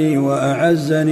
وأعزني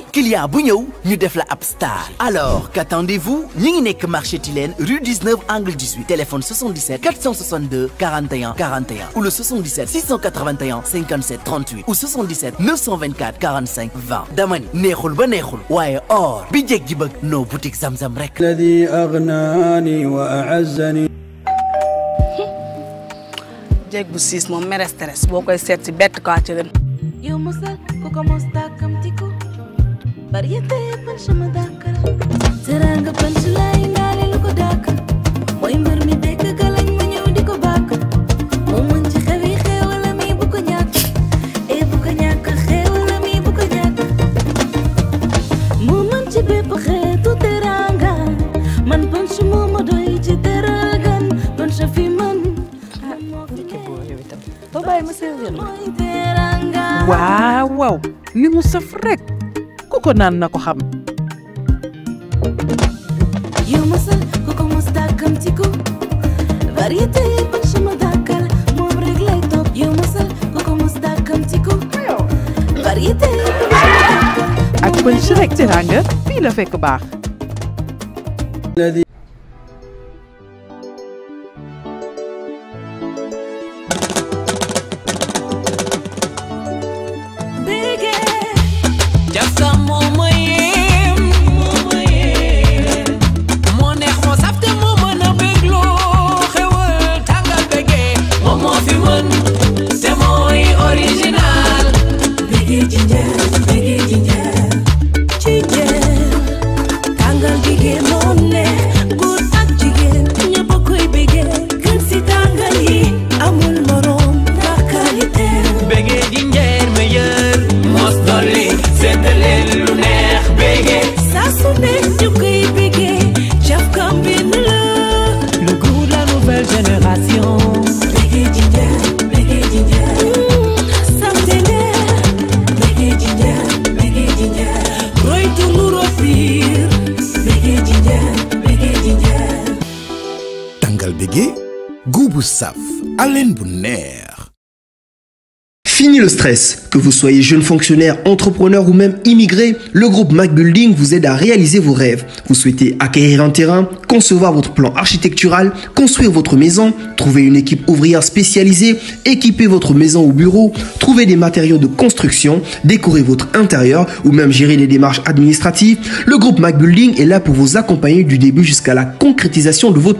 mooy client bu ñëw ñu def la ab star alors qu'attendez-vous ñi ngi nekk marché Tilène rue 19 angle 18 téléphone 77 462 41 41 ou le 77 681 57 38 ou 77 924 45 20 damani neexul ba neexul waaye or bi jeg ji bëgg noo boutique Zamzam rek alladhi aghnani wa a'azzani jeeg bu siis moom mere stress boo koy seet si bett బరియతే పంచమ దాకా జరాంగ పంచులా ఇండాలి లుకు దాకా మోయ్ మర్మి దేక గలన్ mu ñëw di ko bàkk mo ci xewi xewala mi bu ko ñàkk bu ko ñàkk xewala mi bu ko ñàkk mo mën ci bépp xeetu teranga man punch moo ma doy ci teragan punch fi man waaw waaw mu saf ku ko naan na ko xam. ak Punch rek teraanga fii la fekk baax. haleine bu neex. Fini le stress. Que vous soyez jeune fonctionnaire, entrepreneur ou même immigré, le groupe Mac Building vous aide à réaliser vos rêves. Vous souhaitez acquérir un terrain, concevoir votre plan architectural, construire votre maison, trouver une équipe ouvrière spécialisée, équiper votre maison ou bureau, trouver des matériaux de construction, décorer votre intérieur ou même gérer les démarches administratives. Le groupe Mac est là pour vous accompagner du début la concrétisation de votre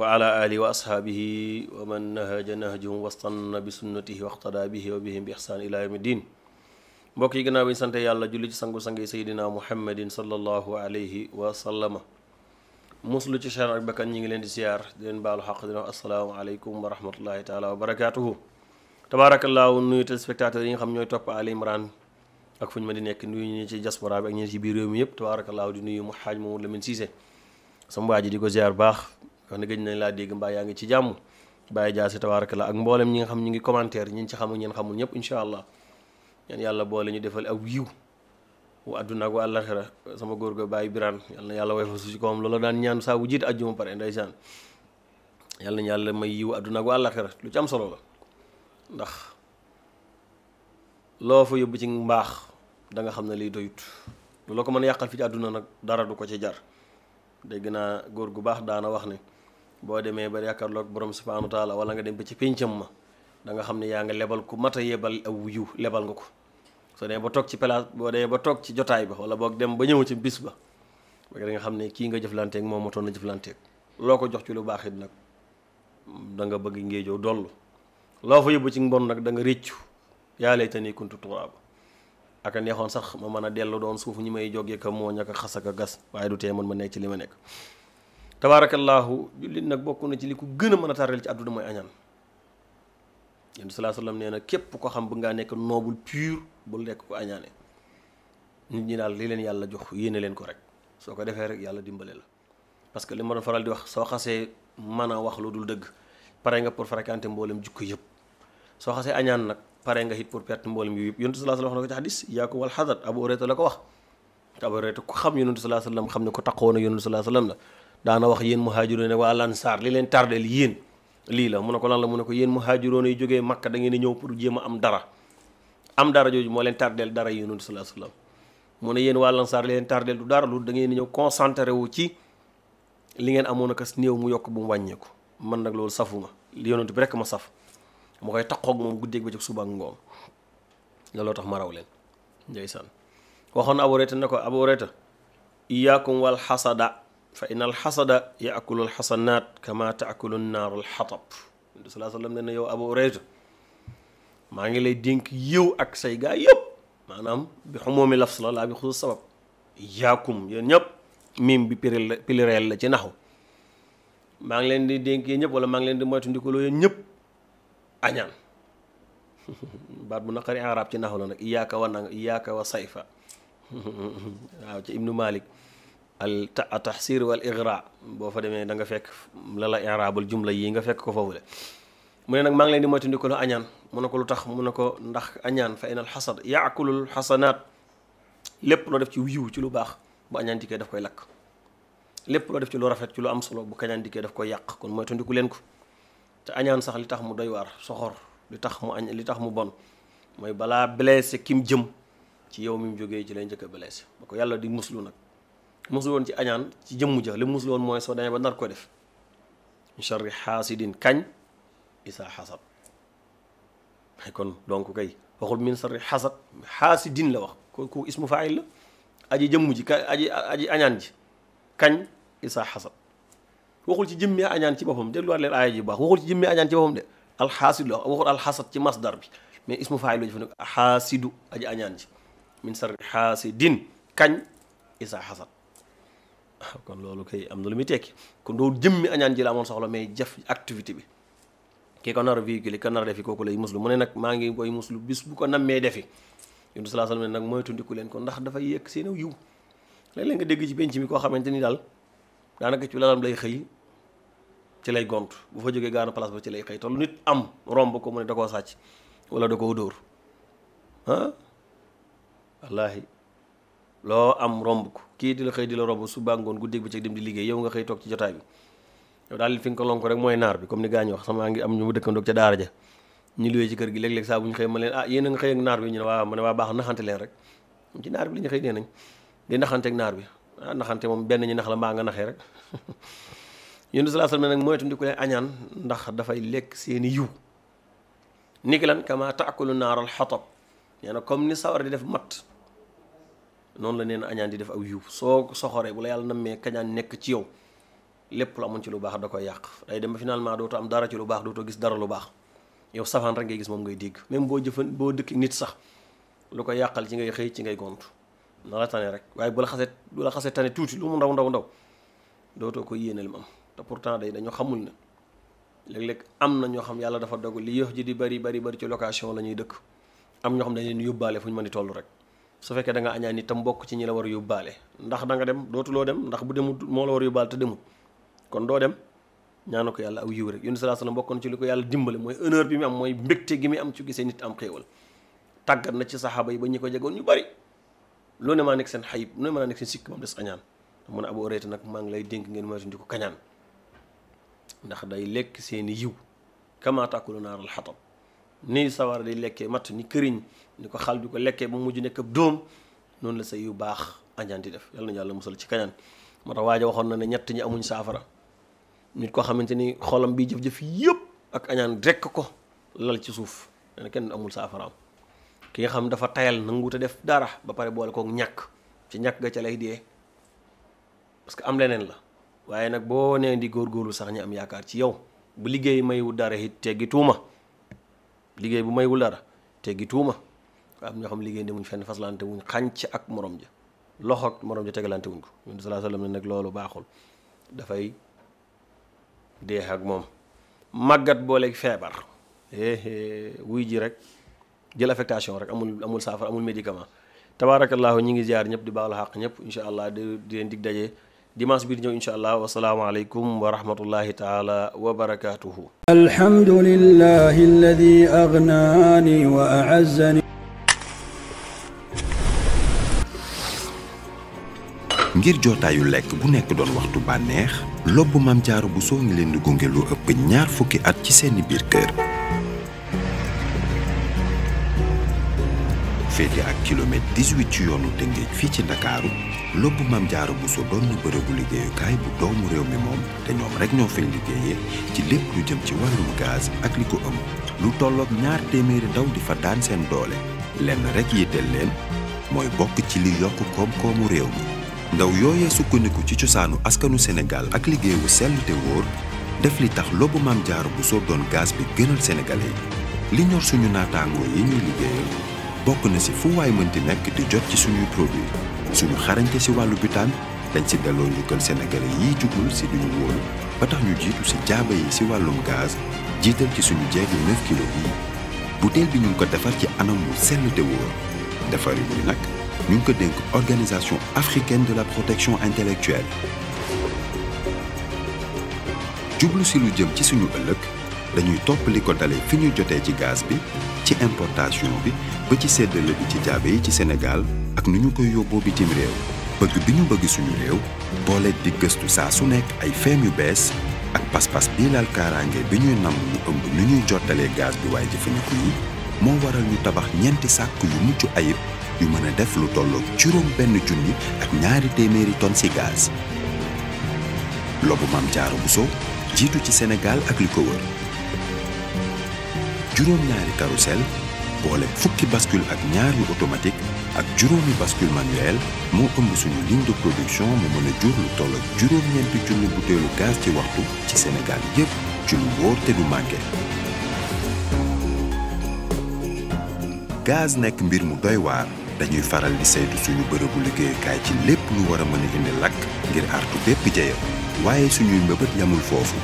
wa ala alihi wa ashaabihi wa man nahaja nahjahum wastanna bi sunnatihi waqtada bihi wa bihim bi ihsaan ila yawmi din mbokk yi gannaaw bi ñu sante yàlla julli ci sangu-sangi saydina muhammadin sallallahu alayhi wa sallama muslu ci cher ak bakkan ñi ngi leen di ziyaar di leen baalu xaq dina assalaamu aleykum wa rahmatullahi taala wa barakatuhu tabaarakallaahu nuyu téléspectateurs yi nga xam ñooy topp Ali Imran ak ñu ma di nekk nuyu ñu ci diaspora bi ak biir réew mi yëpp tabaarakallaahu di nuyu mu xaaj Mamadou Lamine Cissé sama waa ji di ko ziyaar baax wax ne gëj nañ laa dégg mbaa yaa ngi ci jàmm bàyyi jaase tabaaraka la ak mboolem ñi nga xam ñu ngi commentaire ñi ci xamul ñeen xamul ñëpp incha allah ñaan yàlla boole ñu defal aw yiw wu àdduna ak wa sama góor ga bàyyi biraan yal na yàlla way fa su ci loola daan ñaan saa bu jiit àjjuma pare ndeysaan yal na yàlla may yiw àdduna ak lu ci am solo ndax loo fa ci mbaax da xam ne lii doyut lu la ko mën a yàqal fi ci àdduna nag dara du ko ci jar dégg naa góor gu baax daana wax ne boo demee ba yàkkaarloog borom subhaanahu wa taala wala nga dem ba ci péncam ma danga xam ne yaa nga lebal ku mat a yebal aw yiw lebal nga ko soo demee ba toog ci place boo demee ba toog ci jotaay ba wala boog dem ba ñëw ci bis ba da nga xam ne kii nga jëflanteeg moom motoon a jëflanteeg loo ko jox ci lu baax it nag da nga bëgg ngéejoo dollu loo fa yóbbu ci mbon nag danga nga réccu yaa laytanii kuntu turaaba ak a neexoon sax ma mën a dellu doon suuf ñu may jógee ka mooñ ak a xas ak a waaye du tee man ma nekk ci li ma nekk tabaarakallaahu jullit nag bokk na ci li ko gën a mën a tàrreel ci àdduna mooy añaan yéen salaa sallam nee na képp ko xam bu ngaa nekk noble pur bul nekk ko añaane nit ñi daal li leen yàlla jox yéene leen ko rek soo ko defee rek yàlla dimbale la parce que li ma doon di wax soo xasee mën a wax lu dul dëgg pare nga pour fréquenter mboolem jikko yëpp soo xasee añaan nag pare nga hit pour perte mboolem yu yëpp yonent salaa sallam wax na ko ci xadis yaa ko wal xadat abu la ko wax abu ureeta ku xam yonent salaa sallam xam ne ko taqoona yonent salaa sallam la daana wax yéen muhaajiroon waa lansaar li leen tardeel yéen lii la mu ne ko lan la mu ne ko yéen muhaajiroon yi jógee Makka da ngeen di ñëw pour jéem a am dara am dara jooju moo leen tardeel dara yéen nabi sallallahu alayhi wasallam mu ne yéen waa lansaar li leen tardeel du dara lu da ngeen di ñëw concentré wu ci li ngeen amoon ak néew mu yokk bu mu wàññeeku man nag loolu safuma yonent bi rekk ma saf ma koy taqoog moom guddeeg ba ci suba ak ngoon looloo tax ma raw leen ndeysaan waxoon Abu Hurayra ne ko Abu Hurayra iyaakum fa in alxasada yaakulu alxasanaat kama taakulu naaru alxatab nabi salaa sallam ne na yow abu urayta maa ngi lay dénk yiw ak say gaa yëpp maanaam bi xumoomi lafs la laa bi xusus sabab yaakum yéen ñëpp mim bi pilireel la ci naxu maa ngi leen di dénk yéen ñëpp wala maa ngi leen di moytu ndikaloo yéen ñëpp añaan baat bu naqari arab ci naxu la nag iyaaka wa nang iyaaka wa sayfa waaw ci ibnu malik al taxsir wal igra boo fa demee da nga fekk lala la irabul jumla yi nga fekk ko foofu le mu ne nag maa ngi leen di moytu ndiku lu añaan mu ne ko lu tax mu ne ko ndax añaan fa inal xasad yaakulul xasanaat lépp loo def ci wiiw ci lu baax bu añaan daf koy lakk lépp loo ci lu rafet ci lu am solo bu kañaan daf koy yàq kon moytu leen ko añaan sax li tax mu doy waar soxor li tax mu li tax mu bon mooy balaa blessé kim jëm ci yow mi mu jógee ci lay njëkk a blessé ba ko yàlla di muslu nag musul woon ci añaan ci jëmm ja li musul woon mooy soo demee ba nar ko def min sharri xaasidin kañ isa xasad may kon donc kay waxul min sharri xasad xaasidin la wax kooku ismu jëmm ji ka aji aji añaan kañ isa xasad ci jëmmi añaan ci boppam leen aaya baax waxul ci jëmmi añaan ci boppam de alxaasid la wax waxul alxasad ci masdar bi mais ismu faayil la jëf nag xaasidu aji añaan ji min sharri xaasidin kañ isa xasad kon loolu kay am na lu muy tekki kon doo jëmmi añaan ji la amoon soxla mais jaf activité bi kii ko nar a véhiculé ka nar a defi kooku lay muslu mu ne nag maa ngi koy muslu bis bu ko nammee defi yundu salaa sallam ne nag mooy tundiku leen ko ndax dafay yëkk seen yiw léeg-léeg nga dégg ci penc mi koo xamante ni daal daanaka ci lalam lay xëy ci lay gont bu fa jógee gaana place ba ci lay xëy tollu nit am romb ko mu ne da koo sàcc wala da koo dóor ah? loo am romb ko kii di la xëy di la romb su bàngoon guddeeg bëccëg dem di liggéey yow nga xëy toog ci jotaay bi yow daal fi nga ko rek mooy naar bi comme ni gaañu wax sama ngi am ñu mu dëkkandoog ca daara kër gi léeg-léeg saa bu ñu xëy ma leen ah yéen a naar bi ñu ne waa ma ne waa baax naxante leen rek ci naar di naxante ak naar bi ah moom benn ñu nax la mbaa nga naxee rek yéen di sallallahu alayhi wasallam nag moytu di ko añaan ndax dafay lekk seeni yiw niki lan kama taakulu naar al xatab nee na comme ni sawar di def mat noonu la neen añaan di def aw yuu soo soxoree bu la yàlla na nammee kañaan nekk ci yow lépp lu amoon ci lu baax da koy yàq day dem ba finalement dootoo am dara ci lu baax dootoo gis dara lu baax yow safaan rek ngay gis moom ngay dégg même boo jëfan boo dëkk nit sax lu ko yàqal ci ngay xëy ci ngay gont na la tane rek waaye bu la xasee bu la xasee tane tuuti lu mu ndaw ndaw ndaw dootoo ko yéene lim am te pourtant day dañoo xamul ne léeg lekk am na ñoo xam yàlla dafa dogu li yox ji di bari bari bari ci location la ñuy dëkk am ñoo xam dañ leen yóbbaale fu ñu mën di toll rek su fekkee danga añaan añaan tam bokk ci ñi la war a yóbbaale ndax da nga dem dootuloo dem ndax bu demut moo la war a yóbbaale te demut kon doo dem ñaanu ko yàlla aw yiw rek yónni salaa salaam bokkoon ci li ko yàlla dimbale mooy honneur bi mu am mooy mbégte gi am ci gisee nit am xéewal tàggat na ci saxaaba yi ba ñi ko jegoon ñu bari loo ne maa nekk seen xayib loo ne maa nekk seen sikk moom des añaan mun a abu nag maa ngi lay dénk ngeen moytuñu ko kañaan ndax day lekk seeni yiw kama taakulu naaral xatab ni sawara di lekkee matt ni këriñ ni ko xal di ko lekkee ba mujj nekk ab doom noonu la say yu baax añaan di def yal nañu yàlla musal ci kañaan ma tax waaja waxoon na ne ñett ñi amuñ saafara nit koo xamante ni xolam bi jëf yëpp ak añaan rekk ko lal ci suuf kenn amul saafaraam ki nga xam dafa tayal nanguute def dara ba pare boole kook ñàkk ci ñàkk ga ca lay dee parce que am leneen la waaye nag boo nee di góorgóorlu sax ñu am yaakaar ci yow bu liggéey mayu dara it teggi tuuma liggéey bu may wul dara teggi tuuma am ñoo xam liggéey demuñ fenn faslante wuñ xànc ak morom ja loxo ak morom ja tegalante wuñ ko yonent sallallahu alayhi nag loolu baaxul dafay deex ak moom màggat booleeg feebar eh, eh, wuy ji rek jël affectation rek amul amul saafara amul médicament tabaarakallaahu ñi ngi jaar ñëpp di baax la xaq ñëpp incha allah di leen di daje dimanche bi di ñëw incha allah wasalaamualeykum wa rahmatullahi taala wa barakaatuhu. alhamdulillahi alladi agnaani wa a'azzani. ngir jotaayu lekk bu nekk doon waxtu bànneex lobbu maam jaaru bu soo ngi leen di gunge lu ëpp ñaar fukki at ci seeni biir kër. féete ak kilomètre ci yoonu Tëngéej fii ci Ndakaaru lobbu Maam Jaara Buso doon na bërëbu liggéeyukaay bu doomu réew mi moom te ñoom rek ñoo fay liggéeyee ci lépp lu jëm ci wàllum gaz ak li ko ëmb lu tolloog ñaar téeméeri ndaw di fa daan seen doole lenn rek yitteel leen mooy bokk ci li yokk koom-koomu réew mi ndaw yooyee sukkandiku ci cosaanu askanu Sénégal ak liggéey wu sell te wóor def li tax lobbu Maam Jaara Buso doon gaz bi gënal sénégalais li ñor suñu naataangoo yi ñuy liggéeyal bokk na si fu waay mënti nekk di jot ci suñuy produit suñu xarañte ci wàllu butaan dañ si delloo njukkal sénégalais yiy jugul si duñu wóolu ba tax ñu jiitu si jaaba yi si wàllum gaz jiital ci suñu jeegu 9 kilo yi butéel bi ñu ngi ko defar ci anam wu sell te wóor defari bi nag ñu ngi ko dénk organisation africaine de la protection intellectuelle jublu si lu jëm ci suñu ëllëg dañuy topp li fi ñuy jotee ci gaz bi ci importation bi ba ci sedd bi ci jaabe yi ci Sénégal ak nu ñu koy yóbboo bitim réew bëgg bi ñu bëgg suñu réew booleet di gëstu saa su nekk ay feem yu bees ak pas-pas bii laal kaaraange bi ñuy nam mu ëmb nu ñuy jottalee gaz bi waaye jëfandiku yi moo waral ñu tabax ñeenti sàkk yu mucc ayib yu mën a def lu tolloog juróom benn junni ak ñaari téeméeri tonnes ci gaz lobu maam jaaru bu so jiitu ci Sénégal ak juróom-ñaari carrousel boole fukki bascule ak ñaar yu automatique ak juróomi bascule manuel moo ëmb suñu ligne production mu mën a jur lu toll ak juróom-ñeenti junni butéelu gaz ci waxtu ci senegal yépp ci lu wóor te du manqué. gaz nekk mbir mu doy waar dañuy faral di saytu suñu bërëbu liggéeyukaay ci lépp lu war a mën a indi ngir artu bépp jeya waaye suñuy mbëbët yamul foofu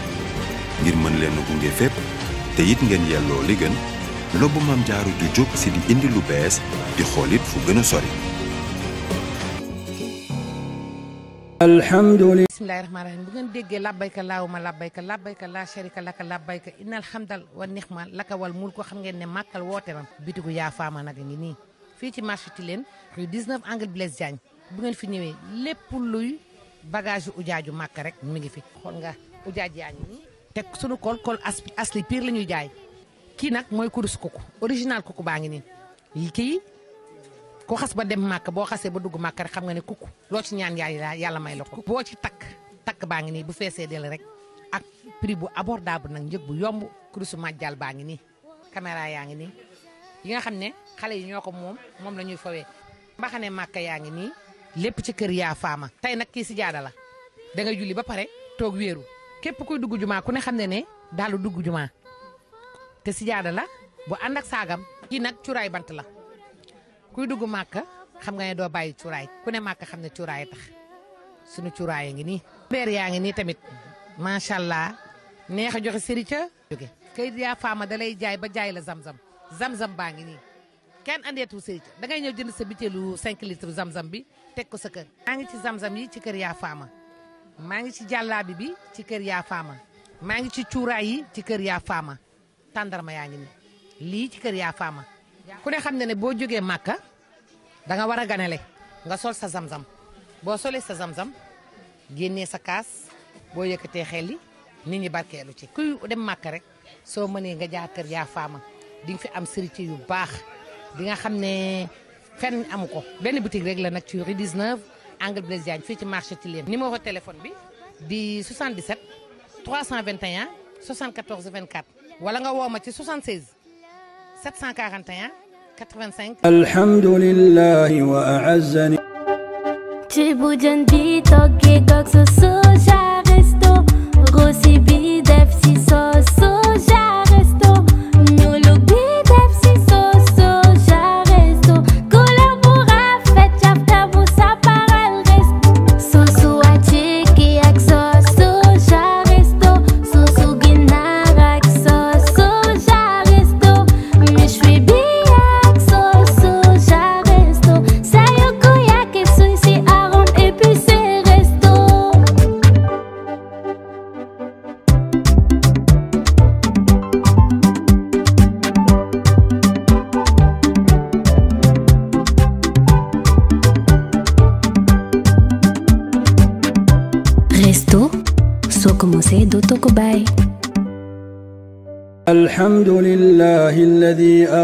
ngir mën leen a gunge fépp. te it ngeen yelloo li gën lobu maam jaaru ju jóg si di indi lu bees di xoolit fu gën a sori. alhamdulilah. bismillahi rahmaani rahiim bu ngeen déggee labbayka laawuma labbayka labbayka laa sharika laka labbayka innal hamdal wa nixma laka wal mulk xam ngeen ne màkkal woote ram bitigu yaa faama nag ngi nii fii ci marché Tilène rue 19 angle Blaise Diagne bu ngeen fi ñëwee lépp luy bagage yu ujaaju màkk rek mi ngi fi xool nga ujaaj yaa ngi nii. te sunu kool kool as asli piir la ñuy jaay kii nag mooy kurus kuku original kuku baa ngi nii kii koo xas ba dem màkk boo xasee ba dugg màkk rek xam nga ne kuku loo ci ñaan yaay yàlla may la ko boo ci takk takk baa ngi nii bu feesee del rek ak prix bu abordable nag njëg bu yomb kurusu màjjal baa ngi nii caméra yaa ngi nii yi nga xam ne xale yi ñoo ko moom moom la ñuy fawee mbaxane màkk yaa ngi nii lépp ci kër yaa faama tey nag kii si jaada la da nga julli ba pare toog wéeru képp kuy dugg jumaa ku ne xam ne ne daalu dugg jumaa te sijaada la bu ànd ak saagam kii nag cuuraay bant la kuy dugg màkka xam nga ne doo bàyyi cuuraay ku ne màkka xam ne cuuraay tax suñu cuuraay ngi nii beer yaa ngi nii tamit macha allah neex a joxe sëri ca jóge yaa faama da lay jaay ba jaay la zam-zam zam-zam baa ngi nii kenn andeetu sëri ca da ngay ñëw jënd sa bitéelu 5 litres zam-zam bi teg ko sa kër maa ngi ci zam-zam yi ci kër yaa faama maa ngi ci jàllaabi bi ci kër yaa faama maa ngi ci cuuraay yi ci kër yaa faama tàndarma yaa ngi ni lii ci kër yaa faama ku ne xam ne ne boo jógee màkka danga nga war a ganale nga sol sa zamzam boo solee sa zamzam génnee sa kaas boo yëkkatee xel li nit ñi barkeelu ci kuy dem màkka rek soo mënee nga jaar kër yaa faama di nga fi am sërite yu baax di nga xam ne fenn amu ko benn boutique rek la nag ci rue angle Blaise Diagne fii ci marché Tilène numéro téléphone bi di 77 321 74 24 wala nga woo ma ci 76 741 85. alhamdulillah wa a'azzani. الحمد لله الذي